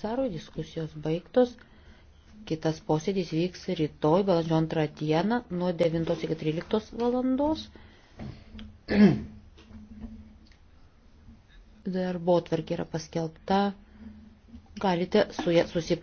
Saro diskusijos baigtos. Kitas posėdis vyks rytoj, balandžio antrą dieną, nuo 9 iki 13 valandos. Darbo tvarkė yra paskelbta. Galite su ja susipažinti.